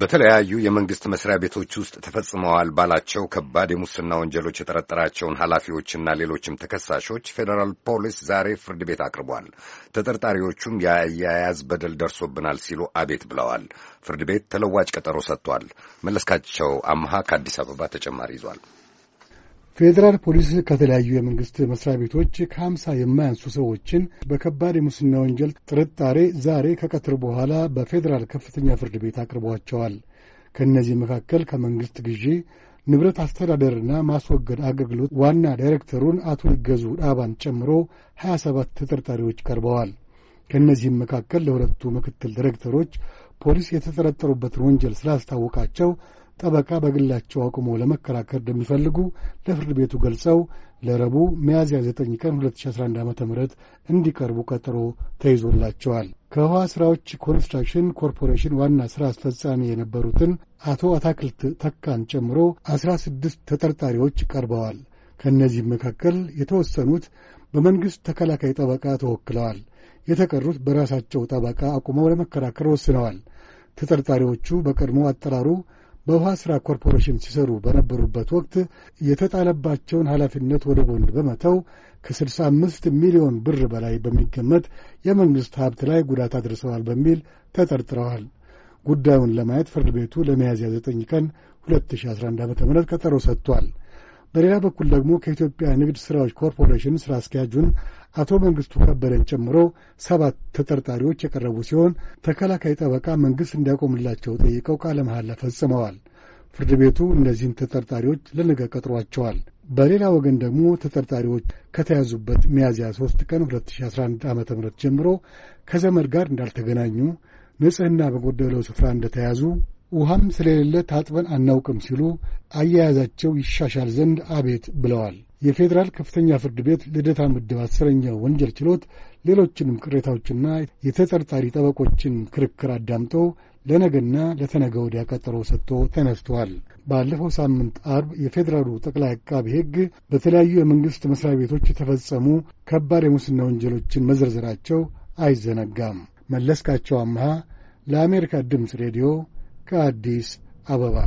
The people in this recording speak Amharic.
በተለያዩ የመንግስት መስሪያ ቤቶች ውስጥ ተፈጽመዋል ባላቸው ከባድ የሙስና ወንጀሎች የጠረጠራቸውን ኃላፊዎችና ሌሎችም ተከሳሾች ፌዴራል ፖሊስ ዛሬ ፍርድ ቤት አቅርቧል። ተጠርጣሪዎቹም የአያያዝ በደል ደርሶብናል ሲሉ አቤት ብለዋል። ፍርድ ቤት ተለዋጭ ቀጠሮ ሰጥቷል። መለስካቸው አምሃ ከአዲስ አበባ ተጨማሪ ይዟል። ፌዴራል ፖሊስ ከተለያዩ የመንግሥት መሥሪያ ቤቶች ከሀምሳ የማያንሱ ሰዎችን በከባድ የሙስና ወንጀል ጥርጣሬ ዛሬ ከቀትር በኋላ በፌዴራል ከፍተኛ ፍርድ ቤት አቅርቧቸዋል። ከእነዚህ መካከል ከመንግሥት ግዢ ንብረት አስተዳደርና ማስወገድ አገልግሎት ዋና ዳይሬክተሩን አቶ ይገዙ ዳባን ጨምሮ 27 ተጠርጣሪዎች ቀርበዋል። ከእነዚህም መካከል ለሁለቱ ምክትል ዳይሬክተሮች ፖሊስ የተጠረጠሩበትን ወንጀል ስላስታወቃቸው ጠበቃ በግላቸው አቁመው ለመከራከር እንደሚፈልጉ ለፍርድ ቤቱ ገልጸው ለረቡዕ ሚያዝያ 9 ቀን 2011 ዓ ም እንዲቀርቡ ቀጠሮ ተይዞላቸዋል። ከውሃ ሥራዎች ኮንስትራክሽን ኮርፖሬሽን ዋና ሥራ አስፈጻሚ የነበሩትን አቶ አታክልት ተካን ጨምሮ 16 ተጠርጣሪዎች ቀርበዋል። ከእነዚህም መካከል የተወሰኑት በመንግሥት ተከላካይ ጠበቃ ተወክለዋል። የተቀሩት በራሳቸው ጠበቃ አቁመው ለመከራከር ወስነዋል። ተጠርጣሪዎቹ በቀድሞ አጠራሩ በውሃ ሥራ ኮርፖሬሽን ሲሰሩ በነበሩበት ወቅት የተጣለባቸውን ኃላፊነት ወደ ጎን በመተው ከ65 ሚሊዮን ብር በላይ በሚገመት የመንግሥት ሀብት ላይ ጉዳት አድርሰዋል በሚል ተጠርጥረዋል። ጉዳዩን ለማየት ፍርድ ቤቱ ለሚያዝያ 9 ቀን 2011 ዓ ም ቀጠሮ ሰጥቷል። በሌላ በኩል ደግሞ ከኢትዮጵያ ንግድ ሥራዎች ኮርፖሬሽን ሥራ አስኪያጁን አቶ መንግስቱ ከበደን ጨምሮ ሰባት ተጠርጣሪዎች የቀረቡ ሲሆን ተከላካይ ጠበቃ መንግሥት እንዲያቆምላቸው ጠይቀው ቃለ መሐላ ፈጽመዋል። ፍርድ ቤቱ እነዚህን ተጠርጣሪዎች ለነገ ቀጥሯቸዋል። በሌላ ወገን ደግሞ ተጠርጣሪዎች ከተያዙበት ሚያዝያ 3 ቀን 2011 ዓ ም ጀምሮ ከዘመድ ጋር እንዳልተገናኙ፣ ንጽሕና በጎደለው ስፍራ እንደተያዙ፣ ውሃም ስለሌለ ታጥበን አናውቅም ሲሉ አያያዛቸው ይሻሻል ዘንድ አቤት ብለዋል። የፌዴራል ከፍተኛ ፍርድ ቤት ልደታ ምድብ አስረኛ ወንጀል ችሎት ሌሎችንም ቅሬታዎችና የተጠርጣሪ ጠበቆችን ክርክር አዳምጦ ለነገና ለተነገ ወዲያ ቀጠሮ ሰጥቶ ተነስቷል። ባለፈው ሳምንት አርብ የፌዴራሉ ጠቅላይ አቃቢ ሕግ በተለያዩ የመንግሥት መሥሪያ ቤቶች የተፈጸሙ ከባድ የሙስና ወንጀሎችን መዘርዘራቸው አይዘነጋም። መለስካቸው አምሃ ለአሜሪካ ድምፅ ሬዲዮ ከአዲስ አበባ